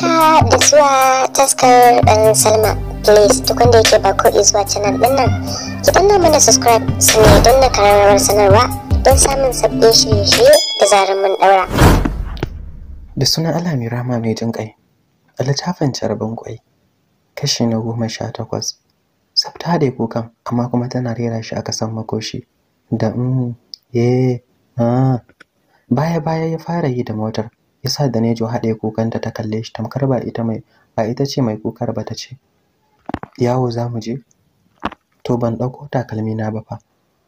haka da zuwa taskar dan salma please duk wanda yake ba ko zuwa canal din nan ki danna mana subscribe su ne don na kararrawar sanarwa don samun sabbin shirye-shirye da zarar mun daura da sunan allah mai rama mai jin kai a littafin carbin kwai kashi na goma sha takwas sabta da kukan amma kuma tana rera shi a kasan makoshi da mm ye ah baya baya ya fara yi da motar yasa Danejo haɗe kukanta ta kalle shi tamkar ba ita mai ba ita ce mai kukar ba ta ce yawo za mu je to ban ɗauko takalmi na ba fa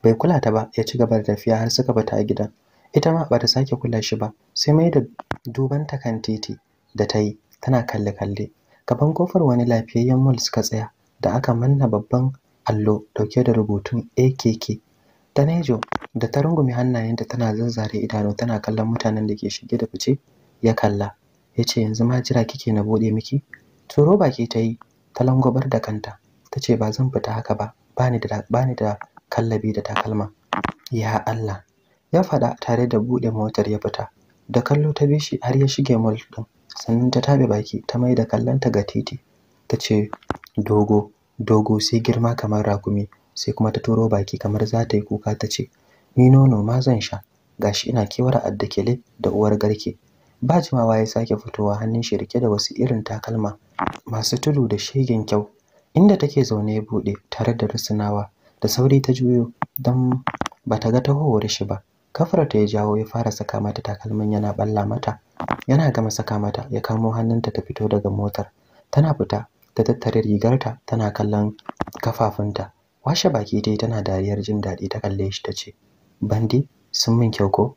bai kula ta ba ya ci gaba da tafiya har suka bata a gidan ita ma ba ta sake kula shi ba sai mai da duban ta kan titi da ta yi tana kalle kalle gaban kofar wani lafiyayyen mul suka tsaya da aka manna babban allo dauke da rubutun AKK Danejo da ta rungume hannayenta tana zanzare idanu tana kallon mutanen da ke shige da fice ya kalla ya ce yanzu ma jira kike na bude miki turo baki ta yi ta langwabar da kanta ta ce ba zan fita haka ba bani da bani da kallabi da takalma ya Allah ya faɗa tare da bude motar ya fita da kallo ta bishi har ya shige mul ɗin sannan ta tabe baki ta mai da kallanta ga titi ta ce dogo dogo sai girma kamar rakumi sai kuma ta turo baki kamar za ta yi kuka ta ce ni nono ma zan sha gashi ina kewar addakele da uwar garke ba jimawa ya sake fitowa hannun shi rike da wasu irin takalma masu tudu da shegen kyau inda take zaune ya buɗe tare da rusunawa da sauri ta juyo don ba ta ga tahowar shi ba kafar ta ya jawo ya fara saka mata takalmin yana balla mata yana gama saka mata ya kamo hannunta ta fito daga motar tana fita ta tattare rigarta tana kallon kafafunta washe baki dai tana dariyar jin daɗi ta kalle shi ta ce bandi sun min kyau ko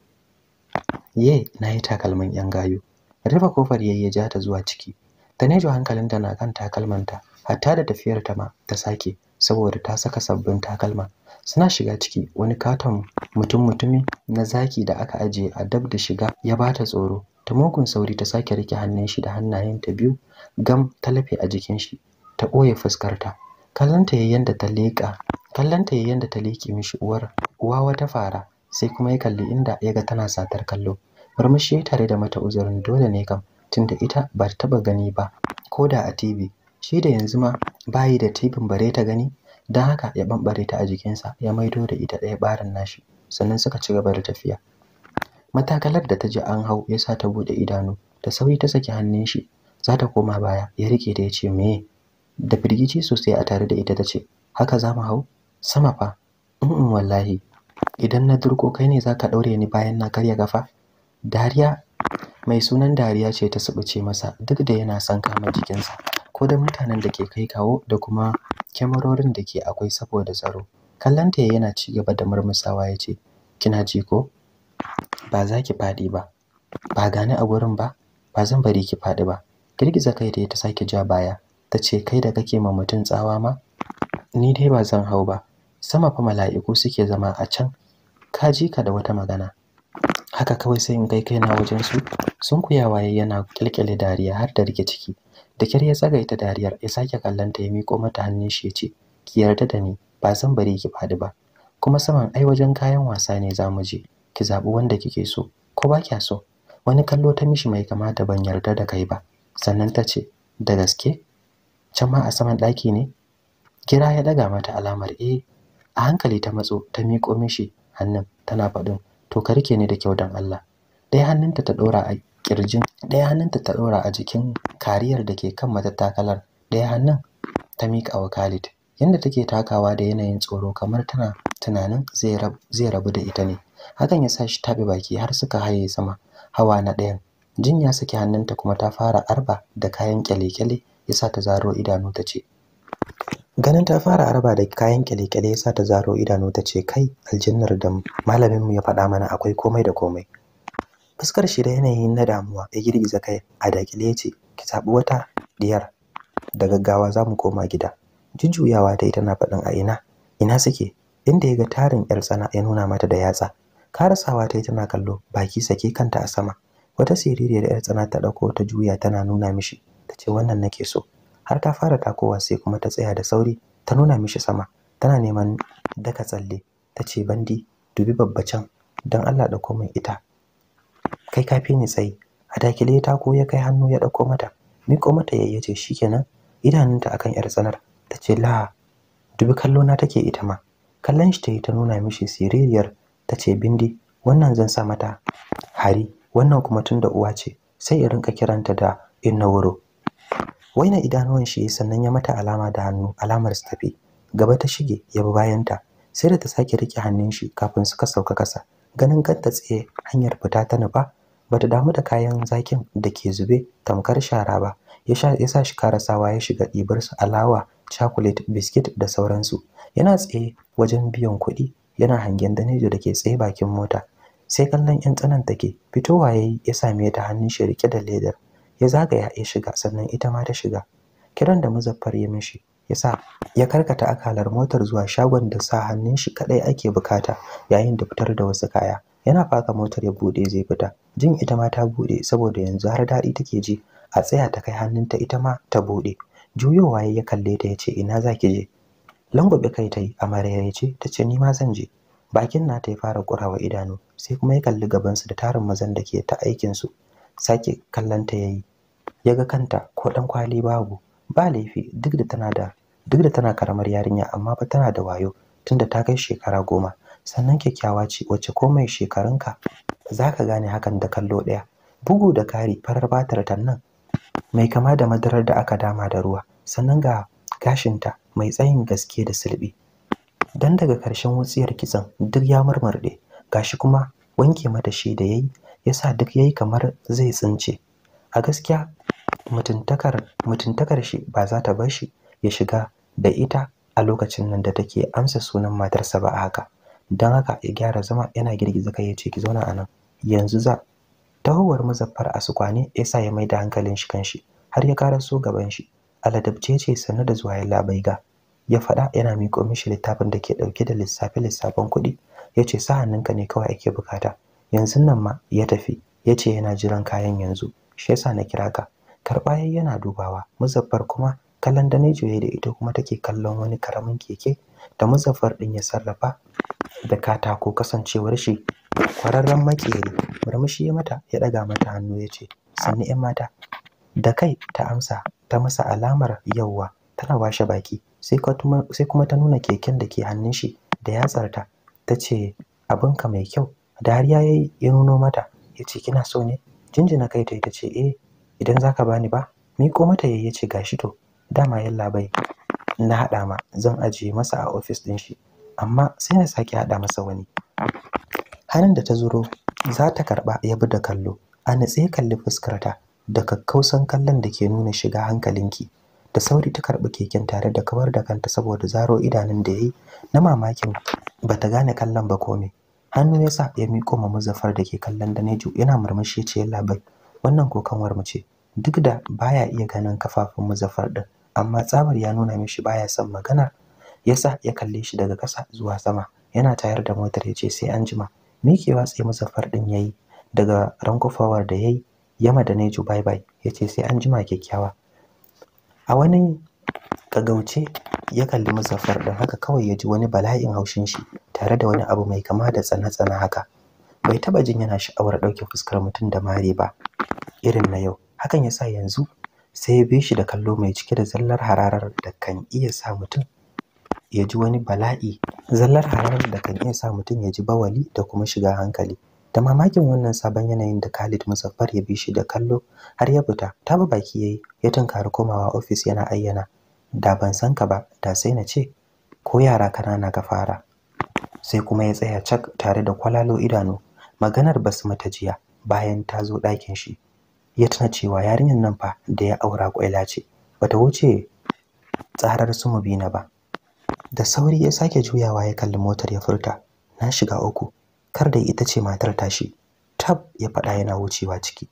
ye na yi takalman yan gayu rufe kofar yayye ja ta zuwa ciki tanejo hankalinta na kan takalmanta hatta da tafiyar ta ma ta sake saboda ta saka sabbin takalma suna shiga ciki wani katon mutum mutumi na zaki da aka ajiye a dab da shiga ya bata tsoro ta mugun sauri ta sake rike hannun shi da hannayen ta biyu gam ta lafe a jikin shi ta ɓoye fuskarta kallanta yayyen da ta leƙa kallanta yayyen da ta leƙe mishi uwar uwa wata fara sai kuma ya kalli inda ya ga tana satar kallo murmushi tare da mata uzurin dole ne kam tunda ita ba ta taba gani ba ko da a TV shi da yanzu ma bayi da TV bare ta gani don haka ya bambare ta a jikinsa ya maido da ita ɗaya barin nashi sannan suka ci gaba da tafiya matakalar da ta ji an hau ya sa ta buɗe idanu da sauri ta saki hannun shi za ta koma baya ya rike da ya ce meye da firgici sosai a tare da ita ta ce haka za mu hau sama fa in wallahi idan na durko kai ne za ka daure ni bayan na karya gafa dariya mai sunan dariya ce ta subuce masa duk da yana son kama jikinsa ko da mutanen da ke kai kawo da kuma kyamarorin da ke akwai saboda tsaro kallanta yana ci gaba da murmusawa ya ce kina ji ko ba za ki faɗi ba ba gani a gurin ba ba zan bari ki faɗi ba girgiza kai da ta sake ja baya ta ce kai da kake ma mutum tsawa ma ni dai ba zan hau ba sama fa mala'iku suke zama a can ka ji ka da wata magana haka kawai sai in kai kaina wajen su sun kuya waye yana kilkile dariya har da rike ciki da kyar ya tsagaita dariyar ya sake kallon ta ya miƙo mata hannun shi ya ce ki yarda da ni ba zan bari ki fadi ba kuma saman ai wajen kayan wasa ne za mu je ki zaɓi wanda kike so ko ba kya so wani kallo ta mishi mai kamata ban yarda da kai ba sannan ta ce da gaske can ma a saman ɗaki ne kira ya ɗaga mata alamar eh a hankali ta matso ta miƙo mishi hannun tana faɗin to ka rike ni da kyau dan Allah ɗaya hannunta ta ɗora a kirjin ɗaya hannunta ta ɗora a jikin kariyar da ke kan matattakalar ɗaya hannun ta miƙa wa Khalid yadda take takawa da yanayin tsoro kamar tana tunanin zai rabu da ita ne hakan ya sa shi taɓe baki har suka haye sama hawa na ɗayan jin ya saki hannunta kuma ta fara arba da kayan kyale-kyale ya sa ta zaro idanu ta ce ganin ta fara araba da kayan kyale-kyale ya sa ta zaro idanu ta ce kai aljinnar da malamin mu ya faɗa mana akwai komai da komai fuskar shi da yanayi na damuwa ya girgiza kai a dakile ya ce ki wata diyar da gaggawa za mu koma gida jujjuyawa ta yi tana faɗin a ina ina suke inda ya ga tarin yar tsana ya nuna mata da yatsa karasawa ta yi tana kallo baki sake kanta a sama wata siririyar yar tsana ta ɗauko ta juya tana nuna mishi ta ce wannan nake so har ta fara takowa sai kuma ta tsaya da sauri ta nuna mishi sama tana neman daka tsalle ta ce bandi dubi babba can don Allah dauko min ita kai kafi ni tsayi a dakile ya tako ya kai hannu ya dauko mata miko mata yayyace shikenan idanunta akan yar tsanar ta ce la dubi kallo na take ita ma kallon shi ta yi ta nuna mishi siririyar ta ce bindi wannan zan sa mata hari wannan kuma tun da uwa ce sai ya rinka kiranta da inna wuro waina idanuwan shi sannan ya mata alama da hannu alamar su tafi gaba ta shige ya bi bayanta sai da ta sake rike hannun shi kafin suka sauka kasa ganin kanta tsaye hanyar fita ta nufa ta damu da kayan zakin da ke zube tamkar shara ba ya sa shi karasawa ya shiga ɗibar su alawa cakulet, biskit da sauransu yana tsaye wajen biyan kuɗi yana hangen danejo da ke tsaye bakin mota sai kallon yan tsanan ke, fitowa yayi ya same ta hannun shi rike da ledar ya zagaya ya shiga sannan ita ma ta shiga kiran da muzaffar ya mishi ya sa. ya karkata akalar motar zuwa shagon da sa hannun shi kadai ake bukata yayin da fitar da wasu kaya yana faka motar ya bude zai fita jin ita ma ta bude saboda yanzu har dadi take ji a tsaya ta kai hannun ta ita ma ta bude juyowa ya kalle ta ya ce ina zaki je langwabe kai tai amarya ce tace ni ma zan je bakin nata ya fara kurawa idanu sai kuma ya kalli gabansu da tarin mazan da ke ta aikin su sake kallanta yayi ya ga kanta ko ɗan kwali babu ba laifi duk da tana da duk da tana karamar yarinya amma ba tana da wayo tunda ta kai shekara goma sannan kyakkyawa ce wacce ko mai shekarunka za ka gane hakan da kallo ɗaya bugu da kari farar batar ta nan mai kama da madarar da aka dama da ruwa sannan ga gashinta mai tsayin gaske da silbi dan daga ƙarshen wutsiyar kitson duk ya murmurɗe gashi kuma wanke mata shi da yayi yasa duk yayi kamar zai tsince a gaskiya mutuntakar shi ba za ta bar shi ya shiga da ita a lokacin nan da take amsa sunan matarsa ba a haka don haka ya gyara zama yana girgiza kai ya ce ki zauna a nan yanzu za tahowar muzaffar a sukwane ya sa ya mai da hankalin shi kanshi har ya kara so gaban shi aladabce ce sannu da zuwa ya labaiga ya faɗa yana miƙo mishi littafin da ke ɗauke da lissafe lissafen kuɗi ya ce sa hannunka ne kawai ake bukata Yanzun nan ma ya tafi ya ce yana jiran kayan yanzu shi yasa na kira ka karɓa yayi yana dubawa muzaffar kuma kallon da ya da ita kuma take kallon wani karamin keke da muzaffar ɗin ya sarrafa da katako kasancewar shi kwararren makeri murmushi ya mata ya ɗaga mata hannu ya ce sannu yan mata da kai ta amsa ta masa alamar yauwa tana washe baki sai kuma ta nuna keken da ke hannun shi da yatsarta ta ce abinka mai kyau dariya ya yi ya nuno mata ya ce kina so ne jinjina kai ta ce eh idan za ka bani ba miƙo mata yayi ce gashi to dama yallaɓai na haɗa ma zan ajiye masa a ofis ɗin shi amma sai na sake haɗa masa wani hannun da ta zuro za ta karɓa ya bi da kallo a natse kalli fuskarta da kakkausan kallon da ke nuna shiga hankalinki da sauri ta karɓi keken tare da kawar da kanta saboda zaro idanun da ya yi na mamakin ba ta gane kallon ba kome hannu ya sa ya miƙo ma muzaffar da ke kallon danejo yana murmushi ce bai wannan ko kanwar mu ce duk da baya iya ganin kafafun muzaffar din amma tsabar ya nuna mishi baya son magana yasa ya kalle shi daga ƙasa zuwa sama yana tayar da motar ya ce sai an jima mikewa sai muzaffar din yayi daga rankufawar da yayi yama da neju bye bye ya ce sai an jima kyakkyawa a wani gagauce ya kalli muzaffar din haka kawai ya ji wani bala'in haushin shi tare da wani abu mai kama da tsana-tsana haka bai taba jin yana sha'awar ɗauke fuskar mutum da mare ba irin na yau hakan yasa yanzu sai ya bi shi da kallo mai cike da zallar hararar da kan iya sa mutum ya ji wani bala'i zallar hararar da kan iya sa mutum ya ji bawali da kuma shiga hankali da mamakin wannan sabon yanayin da Khalid musaffar ya bi shi da kallo har ya fita ta ba baki yayi ya tunkari komawa ofis yana ayyana da ban san ka ba da sai na ce ko yara kanana ka fara sai kuma ya tsaya cak tare da kwalalo idanu maganar basu mata jiya bayan ta zo ɗakin shi ya tuna cewa yarinyar nan fa da ya aura kwaila ce bata wuce tsarar su mubina ba da sauri ya sake juyawa ya kalli motar ya furta na shiga uku kar da ita ce matar tashi tab ya faɗa yana wucewa ciki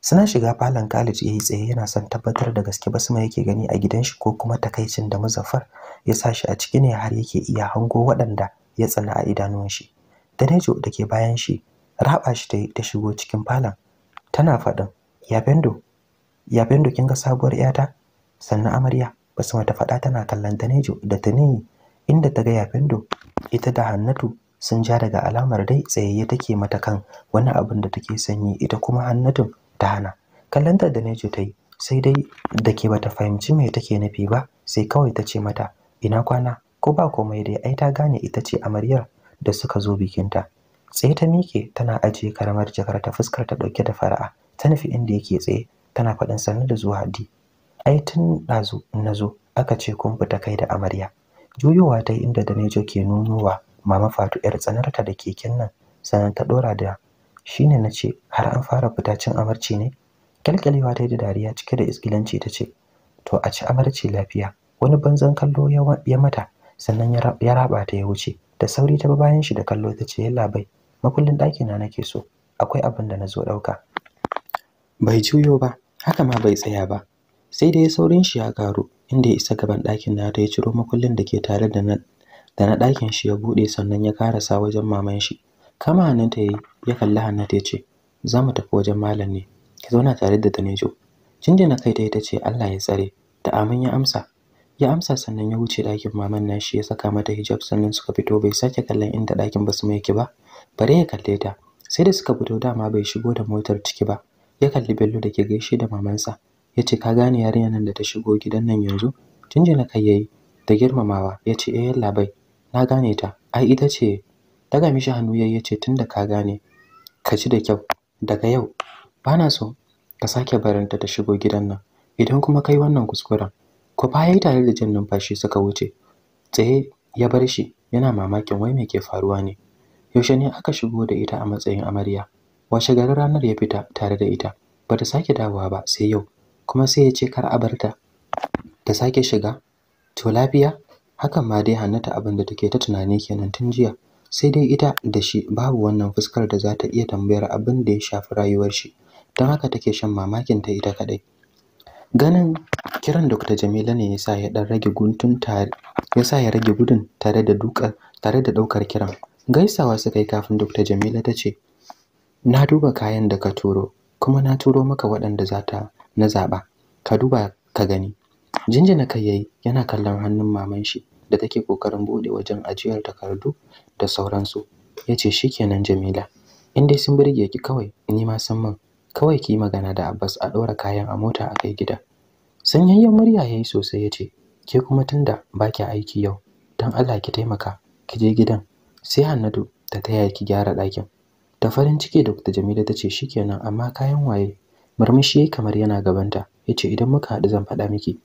suna shiga falon college yayi tsaye yana son tabbatar da gaske basma yake gani a gidan shi ko kuma takaicin da muzaffar ya sa shi a ciki ne har yake iya hango waɗanda ya tsana a idanun shi da ke bayan shi raba shi ta shigo cikin falon tana faɗin ya fendo ya bendo kin ga sabuwar yata sannan amarya basu mata faɗa tana kallon danejo da taniyi inda ta ga ya bendo ita da hannatu sun ja daga alamar dai tsayayye take mata kan wani abin da take sanyi ita kuma hannatun ta hana Kallon da danejo ta yi sai dai da ke bata fahimci me take nufi ba sai kawai ta ce mata ina kwana ko ba komai dai ai ta gane ita ce amaryar da suka zo bikinta sai ta mike tana ajiye karamar jakar ta fuskar ta dauke da fara'a ta nufi inda yake tsaye tana faɗin sannu da zuwa di ai tun ɗazu na zo aka ce kun fita kai da amarya juyowa ta inda danejo ke nunowa mama fatu yar tsanarta da keken nan sannan ta ɗora da shine na ce har an fara fita cin amarci ne kyalkyalewa ta yi da dariya cike da iskilanci ta ce to a ci amarci lafiya wani banzan kallo ya mata sannan ya raba ta ya wuce da sauri ta bayan shi da kallo ta ce yalla bai makullin na nake so akwai abin da na zo ɗauka bai juyo ba haka ma bai tsaya ba sai da ya saurin shi ya karo inda ya isa gaban ɗakin na ta ya ciro makullin da ke tare da na da na ɗakin shi ya buɗe sannan ya karasa wajen maman shi kama ta yayi ya kalli hannata ya ce za mu tafi wajen malam ne ki zauna tare da danejo jinjina kai ta ita ce allah ya tsare da amin ya amsa ya amsa sannan ya wuce ɗakin maman na shi ya saka mata hijab sannan suka fito bai sake kallon inda ɗakin basu mai ki ba bare ya kalle ta sai da suka fito dama bai shigo da motar ciki ba ya kalli Bello da ke gaishe da mamansa ya ce ka gane yarinyar nan da ta shigo gidan nan yanzu jinjina kai yayi da girmamawa ya ce eh bai na gane ta ai ita ce daga mishi hannu yayi ya ce tunda ka gane ka ci da kyau daga yau bana so ka sake barinta ta shigo gidan nan idan kuma kai wannan kuskuren ku baya tare da jin numfashi suka wuce tsaye ya bar shi yana mamakin wai me ke faruwa ne yaushe ne aka shigo da ita a matsayin amarya washe garin ranar ya fita tare da ita ba ta sake dawowa ba sai yau kuma sai ya ce kar a bar ta ta sake shiga to lafiya hakan ma dai hannata abin da take ta tunani kenan tun jiya sai dai ita da shi babu wannan fuskar da za ta iya tambayar abin da ya shafi rayuwar shi don haka take shan mamakin ta ita kadai ganin kiran Dr. Jamila ne yasa ya dan rage guntun tare yasa ya rage gudun tare da dukar tare da daukar kiran gaisawa suka yi kafin Dr. Jamila ta ce na duba kayan da ka turo kuma na turo maka waɗanda za ta na zaɓa ka duba ka gani jinjina kai yayi yana kallon hannun maman shi da take kokarin bude wajen ajiyar takardu da sauransu ya ce shi kenan Jamila in dai sun burge ki kawai ni ma san man kawai ki magana da Abbas a ɗora kayan a mota a kai gida sanyayyen murya yayi sosai yace ke kuma tunda ba ki aiki yau dan Allah ki taimaka ki je gidan sai Hannatu ta taya ki gyara ɗakin da farin ciki Dr. Jamila ta ce shikenan amma kayan waye murmushi kamar yana gabanta yace idan muka haɗu zan faɗa miki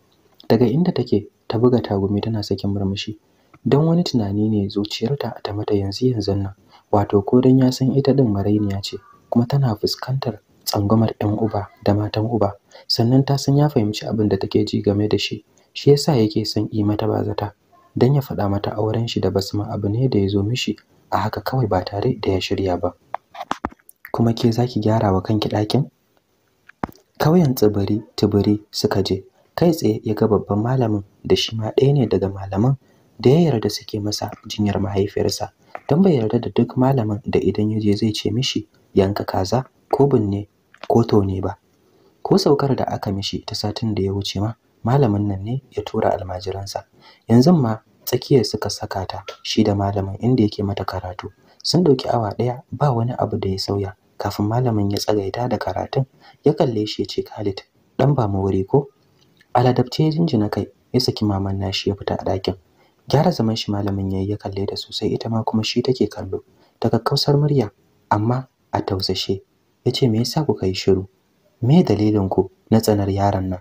daga inda take ta buga tagumi tana sakin murmushi Don wani tunani ne zuciyarta ta mata yanzu yanzun nan wato ko dan ya san ita din marainiya ce kuma tana fuskantar tsangwamar ɗan uba da matan uba sannan ta san ya fahimci abin da take ji game da shi shi yasa yake son yi mata bazata dan ya faɗa mata auren shi da basma abu ne da ya zo mishi a haka kawai ba tare da ya shirya ba kuma ke za ki gyara wa kanki ɗakin kauyen tsibiri tibiri suka je kai tsaye ya ga babban malamin da shi ma ɗaya ne daga malaman da ya yarda suke masa jinyar mahaifiyarsa don bai yarda da duk malamin da idan ya je zai ce mishi yanka kaza ko binne ko tone ba ko saukar da aka mishi ta satin da ya wuce ma malamin nan ne ya tura almajiransa yanzu ma tsakiyar suka saka ta shi da malamin inda yake mata karatu sun ɗauki awa ɗaya ba wani abu da ya sauya kafin malamin ya tsagaita da karatun ya kalle shi ya ce Khalid dan ba mu wuri ko aladabce ya jinjina kai ya saki maman nashi ya fita a ɗakin gyara zaman shi malamin yayi ya kalle da sosai ita ma kuma shi take kallo ta kakkausar murya amma a tausashe ya ce me yasa kuka yi shiru me dalilin ku na tsanar yaron nan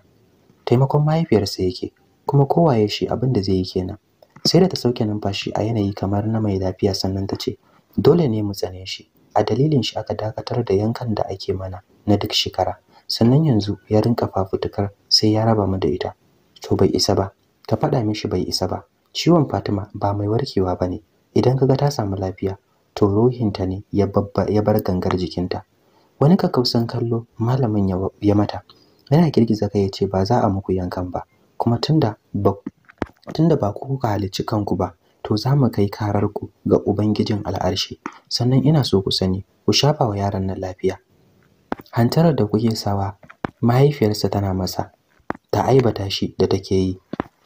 taimakon mahaifiyarsa yake kuma kowaye shi abin da zai yi kenan sai da ta sauke numfashi a yanayi kamar na mai lafiya sannan ta ce dole ne mu tsane shi a dalilin shi aka dakatar da yankan da ake mana na duk shekara sannan yanzu ya rinka fafutukar sai ya raba mu da ita to bai isa ba ka faɗa mishi bai isa ba ciwon Fatima ba mai warkewa ba ne idan kaga ta samu lafiya to rohinta ne ya ya bar gangar jikinta wani kakausan kallo malamin ya mata yana girgiza kai yace ba za a muku yankan ba kuma tunda ba tunda ba ku kuka halicci kanku ba to za mu kai karar ku ga ubangijin al'arshi sannan ina so ku sani ku shafa wa yaron nan lafiya hantarar da kuke sawa mahaifiyarsa tana masa ta aibata shi da take yi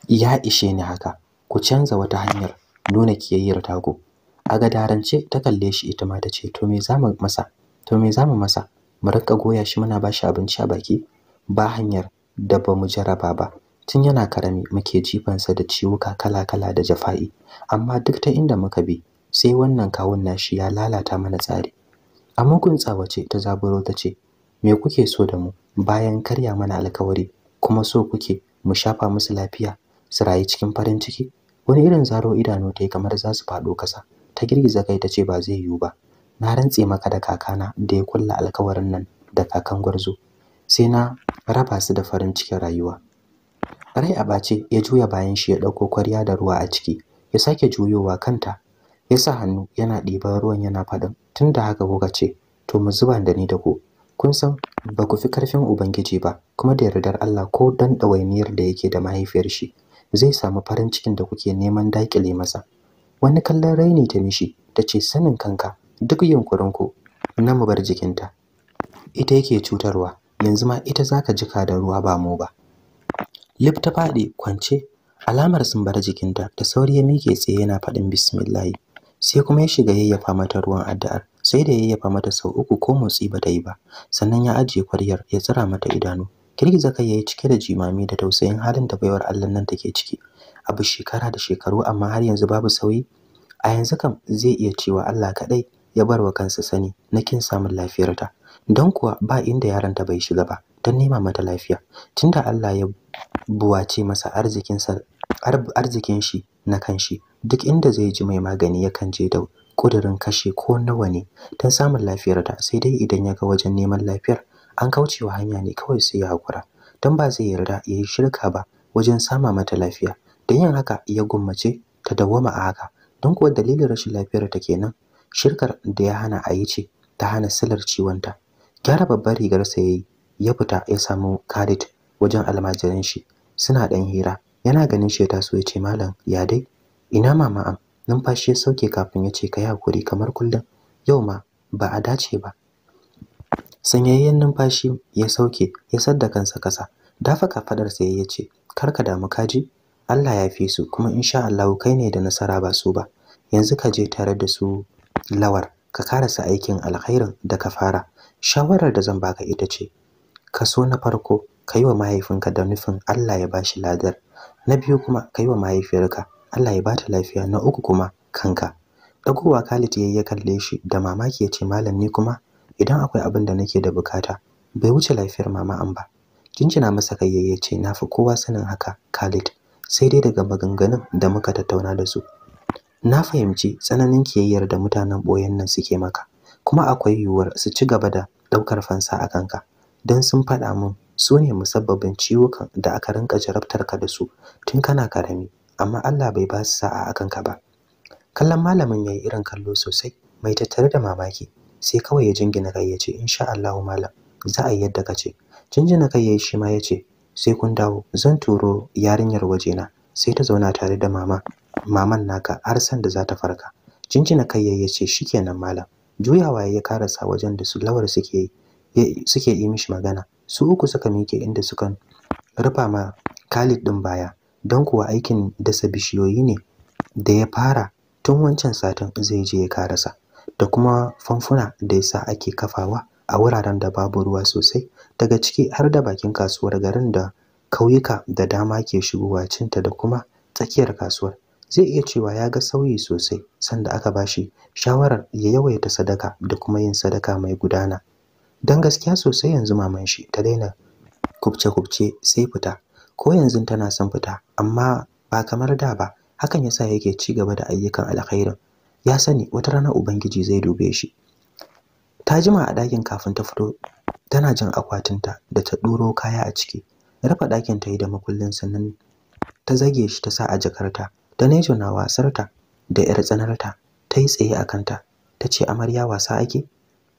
ya ishe ni haka ku canza wata hanyar nuna kiyayyar taku a gadarance ta kalle shi ita ma ta ce to me zamu masa to me mu masa mu rinka goya shi muna bashi abinci a baki ba hanyar da ba mu jaraba ba tun yana karami muke jifansa da ciwuka kala-kala da jafa'i amma duk ta inda muka bi sai wannan kawun nashi ya lalata mana tsari a mugun tsawace ta zaburo ta ce me kuke so da mu bayan karya mana alkawari kuma so kuke mu shafa musu lafiya su rayu cikin farin ciki wani irin zaro idanu ta yi kamar za su faɗo kasa ta girgiza kai ta ce ba zai yiwu ba na rantse maka da kakana da ya kulla alkawarin nan da kakan gwarzo sai na raba su da farin cikin rayuwa rai a bace ya juya bayan shi ya ɗauko kwarya da ruwa a ciki ya sake juyowa kanta ya sa hannu yana ɗiban ruwan yana faɗin tunda haka kuka ce to mu zuba da ni da ku kun san ba ku fi karfin ubangiji ba kuma da yardar Allah ko dan ɗawainiyar da yake da mahaifiyar shi zai samu farin cikin da kuke neman dakile masa wani kallon raini ta mishi ta ce sanin kanka duk yunkurinku na mu bar jikinta ita yake cutarwa yanzu ma ita zaka jika da ruwa ba mu ba Lifta ta faɗi kwance alamar sun bar jikinta da sauri ya mike tsaye yana faɗin bismillahi sai kuma ya shiga yayyafa mata ruwan addu'ar sai da yayyafa mata sau uku ko motsi ba ta yi ba sannan ya ajiye kwaryar ya tsira mata idanu girgiza kai yayi cike da jimami da tausayin halin da baiwar Allah nan take ciki abu shekara da shekaru amma har yanzu babu sauyi a yanzu kam zai iya cewa Allah kadai ya barwa kansa sani na kin samun lafiyarta don kuwa ba inda yaranta bai shiga ba don nema mata lafiya tunda Allah ya buwace masa arzikinsa arzikin shi na kanshi duk inda zai ji mai magani yakan je da kudirin kashe ko nawa ne don samun lafiyar ta sai dai idan ya ga wajen neman lafiyar an kaucewa hanya ne kawai sai ya hakura don ba zai yarda ya yi shirka ba wajen sama mata lafiya da yin haka ya gummace ta dawwama a haka don kuwa dalilin rashin lafiyar ta kenan shirkar da ya hana a ce ta hana silar ta gyara babbar rigarsa ya yi ya fita ya samu karit wajen almajiran shi suna dan hira yana ganin shi ya taso ya ce malam ya dai ina mama am numfashi ya sauke kafin ya ce ka yi hakuri kamar kullum yau ma ba a dace ba sanyayyen numfashi ya sauke ya sadda kansa kasa dafa sai ya ce kar ka damu kaji Allah ya fi su kuma insha Allah kai ne da nasara ba su ba yanzu ka je tare da su lawar ka karasa aikin alkhairin da ka fara shawarar da zan baka ita ce kaso na farko ka yi wa mahaifinka da nufin Allah ya bashi ladar na biyu kuma ka yi wa mahaifiyarka Allah ya bata lafiya na uku kuma kanka dagowa Khalid yayi ya kalle shi da mamaki ya ce malam ni kuma idan akwai abin da nake da bukata bai wuce lafiyar mama an ba jinjina masa kai ya ce na fi kowa sanin haka Khalid sai dai daga maganganun da muka tattauna da su na fahimci tsananin kiyayyar da mutanen boyen nan suke maka kuma akwai yiwuwar su ci gaba da daukar fansa a kanka don sun faɗa min su ne musabbabin ciwukan da aka rinka jarabtar ka da su tun kana karami amma Allah bai ba su sa'a akan ka ba kallon malamin yayi irin kallo sosai mai tattare da mamaki sai kawai ya jingina kai ya ce insha Allahu malam za a yi yadda ka ce jinjina kai yayi shi ma ya ce sai kun dawo zan turo yarinyar waje na, sai ta zauna tare da mama maman naka har san da za ta farka jinjina kai yayi ya ce shikenan malam juyawa ya karasa wajen da su lawar suke yi suke yi mishi magana su uku suka miƙe inda suka rufa ma Khalid din baya don kuwa aikin dasa bishiyoyi ne da ya fara tun wancan satin zai je ya karasa da kuma famfuna da yasa ake kafawa a wuraren da babu ruwa sosai daga ciki har da bakin kasuwar garin da kauyuka da dama ke shigowa cinta da kuma tsakiyar kasuwar zai iya cewa ya ga sauyi sosai sanda aka bashi shawarar ya yawaita sadaka da kuma yin sadaka mai gudana don gaskiya sosai yanzu maman shi ta daina kubce-kubce sai fita ko yanzu tana son fita amma ba kamar da ba hakan yasa yake ci gaba da ayyukan alkhairin ya sani wata rana ubangiji zai dube shi ta jima a ɗakin kafin ta fito tana jin akwatinta da ta ɗuro kaya a ciki rufe ɗakin ta yi da makullin sannan ta zage shi ta sa a jakarta ta nejo na wasarta da yar tsanarta ta yi tsaye a kanta ta ce amarya wasa ake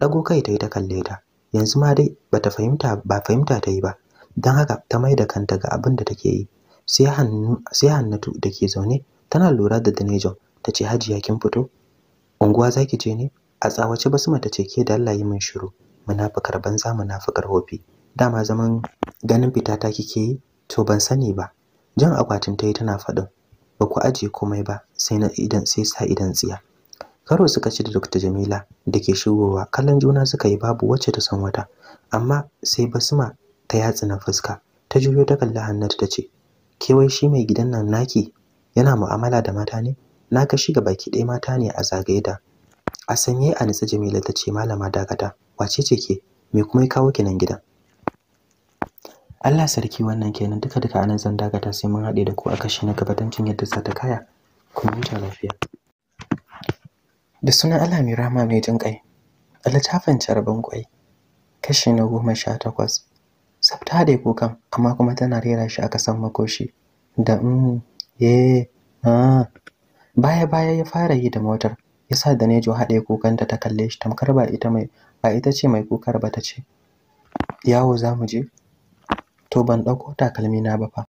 ɗago kai ta yi ta kalle ta yanzu ma dai bata fahimta ba fahimta ta yi ba don haka ta mai da kanta ga abin da take yi sai hannatu da ke zaune tana lura da danejo ta ce hajiya kin fito unguwa za ki je ne a tsawace basu ta ce ke da Allah yi min shiru munafukar banza munafukar hofi dama zaman ganin fita ta kike yi to ban sani ba jan akwatin yi tana faɗin ba ku ajiye komai ba sai na idan sai sa idan tsiya karo suka ci da Dr. Jamila da ke shigowa kallon juna suka yi babu wacce ta san wata amma sai Basma ta yatsa na fuska ta juyo ta kalli Hannatu ta ce ke wai shi mai gidan nan naki yana mu'amala da mata ne na ga shi baki ɗaya mata ne a zagaye da a sanye a nitsa Jamila ta ce malama dakata wace ce ke me kuma ya kawo ki nan gidan Allah sarki wannan kenan duka duka anan zan dakata sai mun haɗe da ku a kashi na gaba don yadda za ta kaya kuma huta lafiya da sunan Allah mai mai jin ƙai a littafin carban kwai. kashi na goma sha takwas sabta da kukan amma kuma tana rera shi a kasan makoshi da mm ye ha. baya baya ya fara yi da motar yasa da nejo haɗe kukan da ta kalle shi tamkar ba ita mai ba ita ce mai kukar ba ta ce yawo za mu je to ban ɗauko takalmi na ba fa